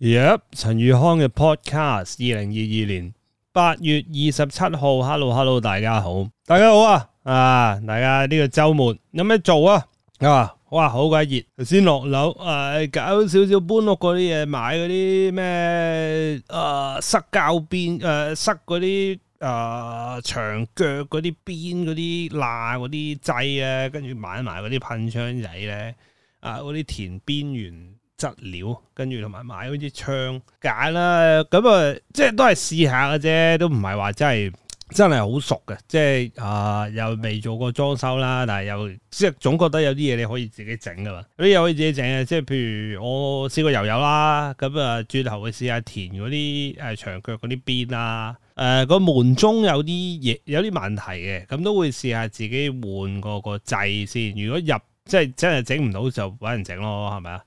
Yep，陳宇康嘅 Podcast，二零二二年八月二十七號，Hello Hello，大家好，大家好啊啊！大家呢個周末有咩做啊？啊，哇，好鬼熱，頭先落樓啊，搞少少搬屋嗰啲嘢，買嗰啲咩啊塞膠邊誒，塞嗰啲啊長腳嗰啲邊嗰啲罅嗰啲掣啊，跟住買埋嗰啲噴槍仔咧啊，嗰啲、啊啊、填邊緣。質料，跟住同埋買嗰啲窗架啦，咁啊，即係都係試下嘅啫，都唔係話真係真係好熟嘅，即係啊、呃、又未做過裝修啦，但係又即係總覺得有啲嘢你可以自己整噶嘛，有啲嘢可以自己整嘅，即係譬如我試過油油啦，咁啊轉頭去試下填嗰啲誒長腳嗰啲邊啦，誒、呃、個門中有啲嘢有啲問題嘅，咁都會試下自己換個個掣先。如果入即係真係整唔到就搵人整咯，係咪啊？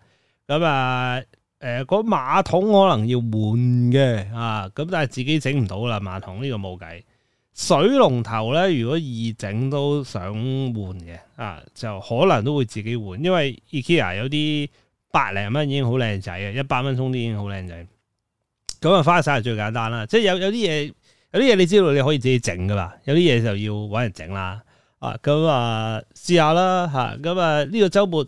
咁啊，誒、嗯，個馬桶可能要換嘅啊，咁但係自己整唔到啦，馬桶呢個冇計。水龍頭咧，如果易整都想換嘅啊，就可能都會自己換，因為 IKEA 有啲百零蚊已經好靚仔嘅，一百蚊充啲已經好靚仔。咁啊，花灑係最簡單啦，即係有有啲嘢，有啲嘢你知道你可以自己整噶啦，有啲嘢就要搵人整啦。啊，咁啊，試下啦吓，咁啊呢、啊，這個周末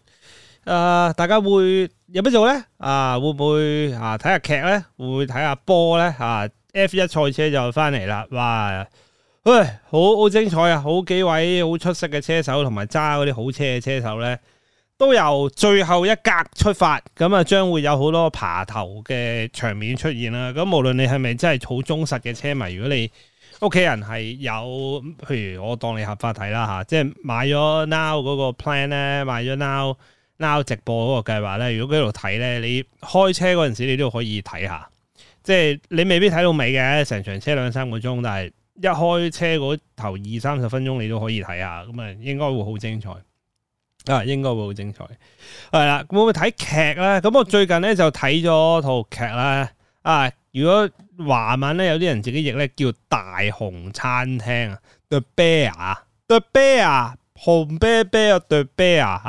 啊，大家會。有咩做咧？啊，會唔會啊？睇下劇咧，會唔會睇下波咧？啊，F1 賽車就翻嚟啦！哇，喂，好好精彩啊！好幾位好出色嘅車手，同埋揸嗰啲好車嘅車手咧，都由最後一格出發，咁啊，將會有好多爬頭嘅場面出現啦！咁無論你係咪真係好忠實嘅車迷，如果你屋企人係有，譬如我當你合法睇啦吓，即係買咗 now 嗰個 plan 咧，買咗 now。鬧直播嗰個計劃咧，如果喺度睇咧，你開車嗰陣時，你都可以睇下，即係你未必睇到尾嘅，成場車兩三個鐘，但係一開車嗰頭二三十分鐘，你都可以睇下，咁啊，應該會好精彩啊，應該會好精彩係啦。咁我睇劇咧，咁我最近咧就睇咗套劇啦。啊，如果華文咧有啲人自己譯咧，叫《大熊餐廳》啊，《The Bear》，《The Bear》。紅啤啤啊，對啤啊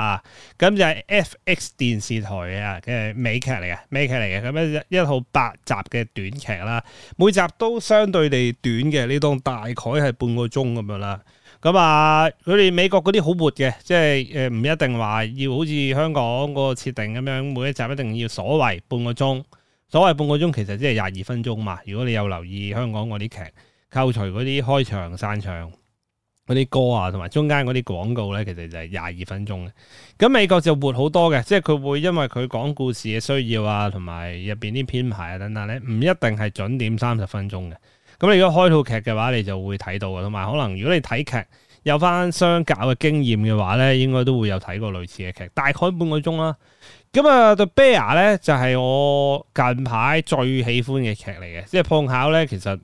嚇，咁就係 FX 電視台啊嘅美劇嚟嘅，美劇嚟嘅。咁一一套八集嘅短劇啦，每集都相對地短嘅，呢當大概係半個鐘咁樣啦。咁啊，佢哋美國嗰啲好活嘅，即係誒唔一定話要好似香港嗰個設定咁樣，每一集一定要所謂半個鐘，所謂半個鐘其實即係廿二分鐘嘛。如果你有留意香港嗰啲劇，扣除嗰啲開場散場。嗰啲歌啊，同埋中間嗰啲廣告咧，其實就係廿二分鐘嘅。咁美國就活好多嘅，即係佢會因為佢講故事嘅需要啊，同埋入邊啲編排啊等等咧，唔一定係準點三十分鐘嘅。咁你如果開套劇嘅話，你就會睇到嘅。同埋可能如果你睇劇有翻相較嘅經驗嘅話咧，應該都會有睇過類似嘅劇，大概半個鐘啦。咁啊，《The Bear》咧就係我近排最喜歡嘅劇嚟嘅，即係碰巧咧，其實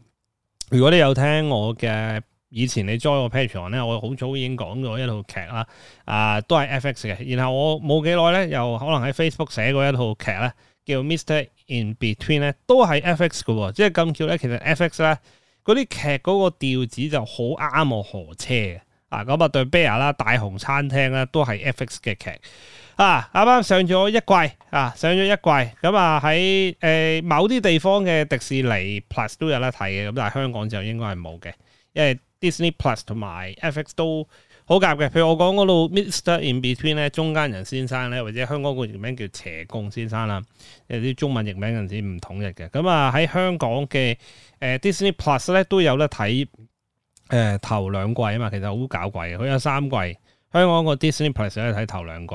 如果你有聽我嘅。以前你 join 個 Patron 咧，我好早已經講咗一套劇啦，啊都係 FX 嘅。然後我冇幾耐咧，又可能喺 Facebook 寫過一套劇咧，叫 Mr. In Between 咧，都係 FX 嘅喎。即係咁巧咧，其實 FX 咧嗰啲劇嗰個調子就好啱我何車啊！咁啊，對 Bear 啦、大熊餐廳啦，都係 FX 嘅劇啊。啱啱上咗一季啊，上咗一季咁啊，喺誒、呃、某啲地方嘅迪士尼 Plus 都有得睇嘅，咁但係香港就應該係冇嘅，因為。Disney Plus 同埋 FX 都好夾嘅，譬如我講嗰度 Mr. In Between 咧，中間人先生咧，或者香港個譯名叫斜共先生啦，誒啲中文譯名有陣時唔統一嘅。咁啊喺香港嘅誒、呃、Disney Plus 咧都有得睇，誒、呃、頭兩季啊嘛，其實好搞鬼嘅，佢有三季。香港個 Disney Plus 咧睇頭兩季，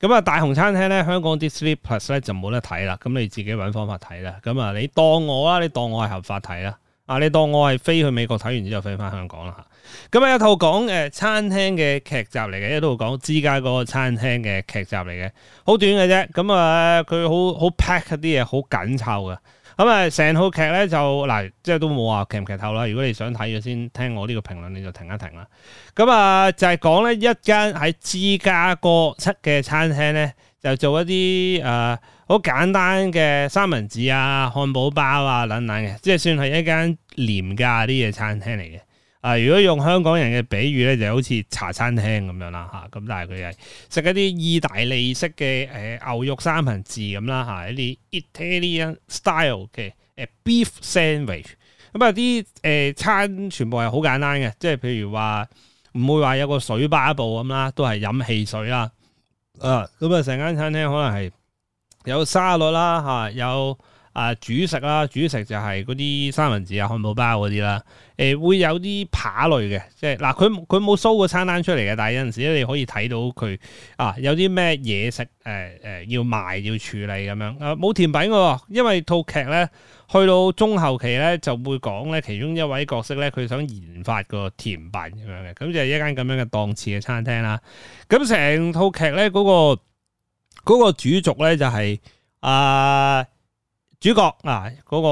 咁啊大熊餐廳咧，香港 Disney Plus 咧就冇得睇啦，咁你自己揾方法睇啦。咁啊你當我啦，你當我係合法睇啦。啊！你當我係飛去美國睇完之後飛翻香港啦嚇。咁啊有套講誒餐廳嘅劇集嚟嘅，一套講芝加哥餐廳嘅劇集嚟嘅，好短嘅啫。咁啊佢好好 pack 一啲嘢，好緊湊嘅。咁啊成套劇咧就，嗱，即係都冇話劇唔劇透啦。如果你想睇嘅先聽我呢個評論你就停一停啦。咁啊就係、是、講咧一間喺芝加哥嘅餐廳咧，就做一啲啊～、呃好簡單嘅三文治啊、漢堡包啊等等嘅，即係算係一間廉價啲嘅餐廳嚟嘅。啊，如果用香港人嘅比喻咧，就好似茶餐廳咁樣啦嚇。咁、啊、但係佢係食一啲意大利式嘅誒、呃、牛肉三文治咁啦嚇，一啲 Italian style 嘅誒 beef sandwich。咁啊啲誒、呃、餐全部係好簡單嘅，即係譬如話唔會話有個水吧一部咁啦，都係飲汽水啦。啊，咁啊成間餐廳可能係。有沙律啦嚇、啊，有啊主食啦，主食就係嗰啲三文治啊、漢堡包嗰啲啦。誒、欸、會有啲扒類嘅，即係嗱佢佢冇 show 個餐單出嚟嘅，但係有陣時咧你可以睇到佢啊有啲咩嘢食誒誒、啊、要賣要處理咁樣啊，冇甜品喎。因為套劇咧去到中後期咧就會講咧其中一位角色咧佢想研發個甜品咁樣嘅，咁就係一間咁樣嘅檔次嘅餐廳啦。咁成套劇咧嗰、那個。嗰個主族咧就係、是、啊、呃、主角嗱嗰、啊那個、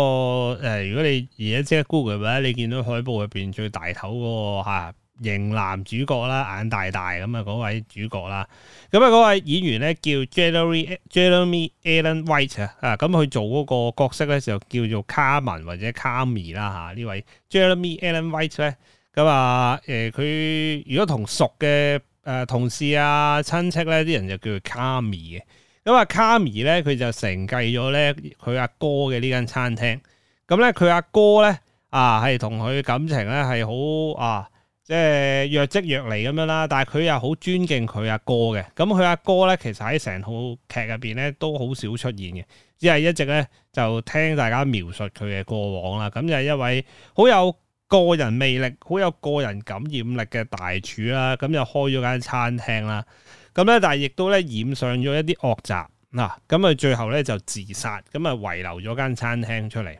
呃、如果你而家即刻 Google 嘅話，你見到海報入邊最大頭嗰、那個嚇、啊、型男主角啦，眼大大咁啊嗰位主角啦，咁啊嗰位、那個、演員咧叫 Jeremy Jeremy Allen White 啊，啊咁佢做嗰個角色咧就叫做 Carmen 或者 Carmy 啦、啊、嚇呢、啊、位 Jeremy Allen White 咧、啊，咁啊誒佢、呃、如果同熟嘅。誒同事啊，親戚咧，啲人就叫佢卡米嘅。咁啊，卡米咧，佢就承繼咗咧佢阿哥嘅呢間餐廳。咁咧，佢阿哥咧啊，係同佢感情咧係好啊，即係若即若離咁樣啦。但係佢又好尊敬佢阿哥嘅。咁佢阿哥咧，其實喺成套劇入邊咧都好少出現嘅，只係一直咧就聽大家描述佢嘅過往啦。咁就係一位好有個人魅力好有個人感染力嘅大廚啦，咁又開咗間餐廳啦，咁咧但係亦都咧染上咗一啲惡習嗱，咁佢最後咧就自殺，咁啊遺留咗間餐廳出嚟。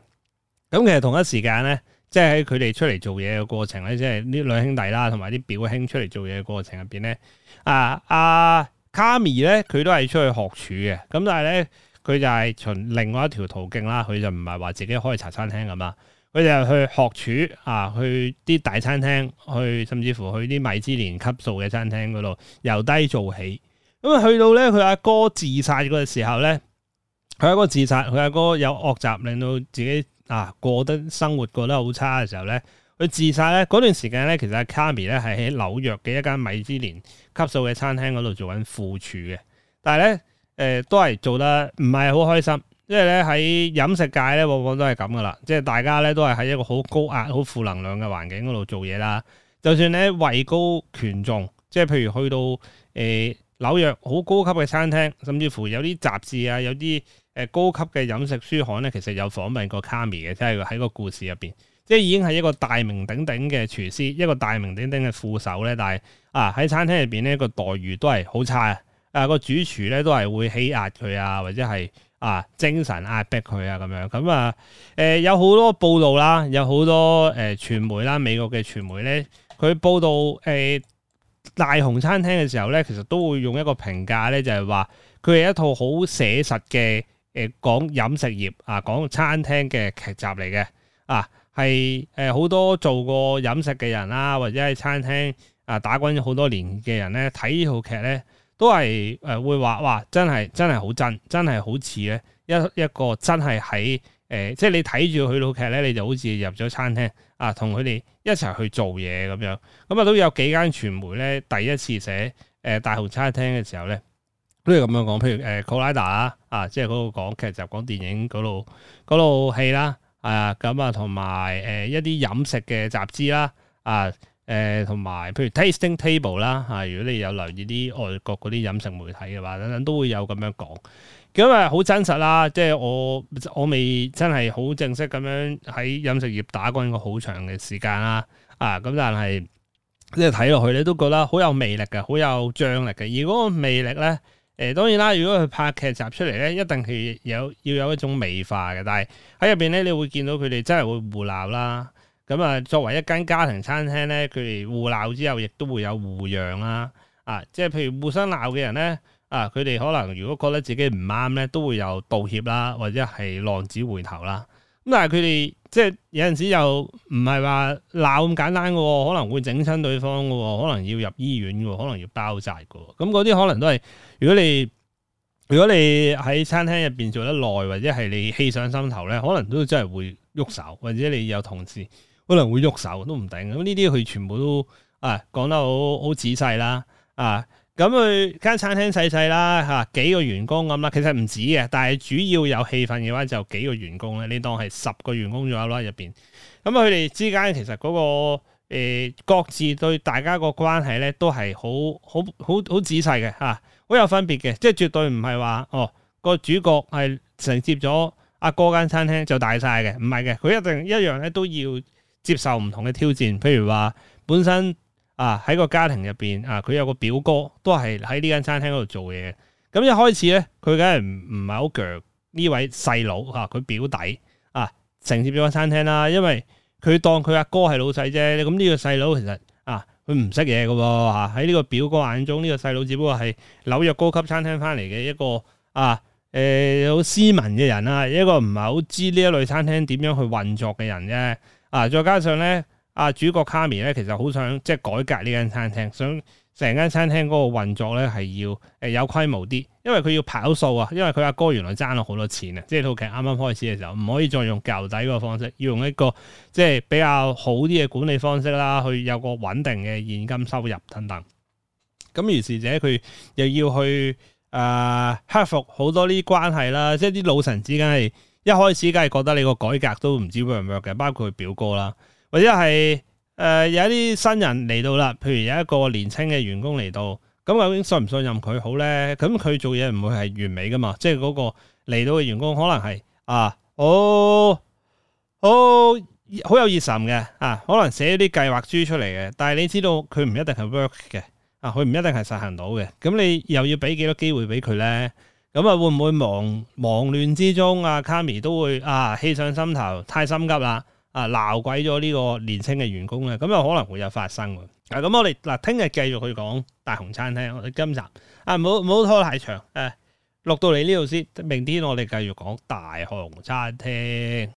咁其實同一時間咧，即係喺佢哋出嚟做嘢嘅過程咧，即係呢兩兄弟啦，同埋啲表兄出嚟做嘢嘅過程入邊咧，啊阿卡米咧佢都係出去學廚嘅，咁但係咧佢就係從另外一條途徑啦，佢就唔係話自己開茶餐廳咁啦。佢就去學廚啊，去啲大餐廳，去甚至乎去啲米芝蓮級數嘅餐廳嗰度，由低做起。咁啊，去到咧，佢阿哥自殺嗰個時候咧，佢阿哥自殺，佢阿哥有惡習，令到自己啊過得生活過得好差嘅時候咧，佢自殺咧嗰段時間咧，其實阿卡米係喺紐約嘅一間米芝蓮級數嘅餐廳嗰度做緊副廚嘅，但係咧誒都係做得唔係好開心。即係咧喺飲食界咧，往往都係咁噶啦。即係大家咧都係喺一個好高壓、好負能量嘅環境嗰度做嘢啦。就算咧位高權重，即係譬如去到誒紐約好高級嘅餐廳，甚至乎有啲雜誌啊，有啲誒高級嘅飲食書刊咧，其實有訪問過卡米嘅，即係喺個故事入邊，即係已經係一個大名鼎鼎嘅廚師，一個大名鼎鼎嘅副手咧，但係啊喺餐廳入邊呢，個待遇都係好差啊，個主廚咧都係會欺壓佢啊，或者係。啊，精神壓迫佢啊，咁樣咁啊，誒、呃、有好多報道啦，有好多誒、呃、傳媒啦，美國嘅傳媒咧，佢報道誒、呃《大熊餐廳》嘅時候咧，其實都會用一個評價咧，就係話佢係一套好寫實嘅誒、呃、講飲食業啊，講餐廳嘅劇集嚟嘅啊，係誒好多做過飲食嘅人啦，或者係餐廳啊打滾咗好多年嘅人咧，睇呢套劇咧。都係誒、呃、會話哇！真係真係好真，真係好似咧一一個真係喺誒，即係你睇住佢套劇咧，你就好似入咗餐廳啊，同佢哋一齊去做嘢咁樣。咁啊都有幾間傳媒咧，第一次寫誒、呃、大熊餐廳嘅時候咧，都係咁樣講。譬如誒《呃、Collider》啊，即係嗰個講劇集、講電影嗰度嗰度戲啦，啊咁啊同埋誒一啲飲食嘅雜誌啦，啊。啊誒同埋，譬如 tasting table 啦、啊，嚇如果你有留意啲外國嗰啲飲食媒體嘅話，等等都會有咁樣講，咁啊好真實啦，即係我我未真係好正式咁樣喺飲食業打滾個好長嘅時間啦，啊咁但係即係睇落去咧，都覺得好有魅力嘅，好有張力嘅、呃。而個魅力咧，誒當然啦，如果佢拍劇集出嚟咧，一定係有要有一種美化嘅，但係喺入邊咧，你會見到佢哋真係會胡鬧啦。咁啊，作為一間家，家庭餐廳咧，佢哋互鬧之後，亦都會有互讓啦，啊，即係譬如互相鬧嘅人咧，啊，佢哋可能如果覺得自己唔啱咧，都會有道歉啦，或者係浪子回頭啦。咁但係佢哋即係有陣時又唔係話鬧咁簡單嘅喎，可能會整親對方嘅喎，可能要入醫院嘅喎，可能要包紮嘅喎。咁嗰啲可能都係如果你如果你喺餐廳入邊做得耐，或者係你氣上心頭咧，可能都真係會喐手，或者你有同事。可能會喐手都唔定，咁呢啲佢全部都啊講得好好仔細啦啊，咁佢間餐廳細細啦吓，幾個員工咁啦，其實唔止嘅，但係主要有氣氛嘅話就幾個員工咧，你當係十個員工咗啦入邊，咁佢哋之間其實嗰、嗰個誒、呃、各自對大家個關係咧都係好好好好仔細嘅吓，好、啊、有分別嘅，即係絕對唔係話哦、嗰個主角係承接咗阿哥間餐廳就大晒嘅，唔係嘅，佢一定一樣咧都要接受唔同嘅挑戰，譬如話本身啊喺個家庭入邊啊，佢有個表哥都係喺呢間餐廳嗰度做嘢。咁、嗯、一開始咧，佢梗係唔唔係好強呢位細佬吓，佢表弟啊，承接咗間餐廳啦。因為佢當佢阿哥係老細啫。咁呢個細佬其實啊，佢唔識嘢噶喎。喺、啊、呢個表哥眼中，呢、這個細佬只不過係紐約高級餐廳翻嚟嘅一個啊誒，好斯文嘅人啦，一個唔係好知呢一類餐廳點樣去運作嘅人啫。嗱、啊，再加上咧，阿、啊、主角 Cami 咧，其實好想即係改革呢間餐廳，想成間餐廳嗰個運作咧係要誒有規模啲，因為佢要跑數啊，因為佢阿哥，哥原來爭咗好多錢啊，即係套劇啱啱開始嘅時候，唔可以再用舊底個方式，要用一個即係比較好啲嘅管理方式啦，去有個穩定嘅現金收入等等。咁於是者佢又要去誒、呃、克服好多呢啲關係啦，即係啲老臣之間係。一開始梗係覺得你個改革都唔知 work 唔 work 嘅，包括表哥啦，或者係誒、呃、有啲新人嚟到啦，譬如有一個年輕嘅員工嚟到，咁究竟信唔信任佢好咧？咁佢做嘢唔會係完美㗎嘛？即係嗰個嚟到嘅員工可能係啊，好、哦、好、哦、好有熱忱嘅啊，可能寫咗啲計劃書出嚟嘅，但係你知道佢唔一定係 work 嘅啊，佢唔一定係實行到嘅，咁你又要俾幾多機會俾佢咧？咁啊，會唔會忙忙亂之中啊卡 a 都會啊氣上心頭，太心急啦，啊鬧鬼咗呢個年青嘅員工咧，咁又可能會有發生喎。嗱、啊，咁我哋嗱聽日繼續去講大鴻餐廳，我哋今集啊，唔好唔好拖太長，誒、啊、錄到嚟呢度先，明天我哋繼續講大鴻餐廳。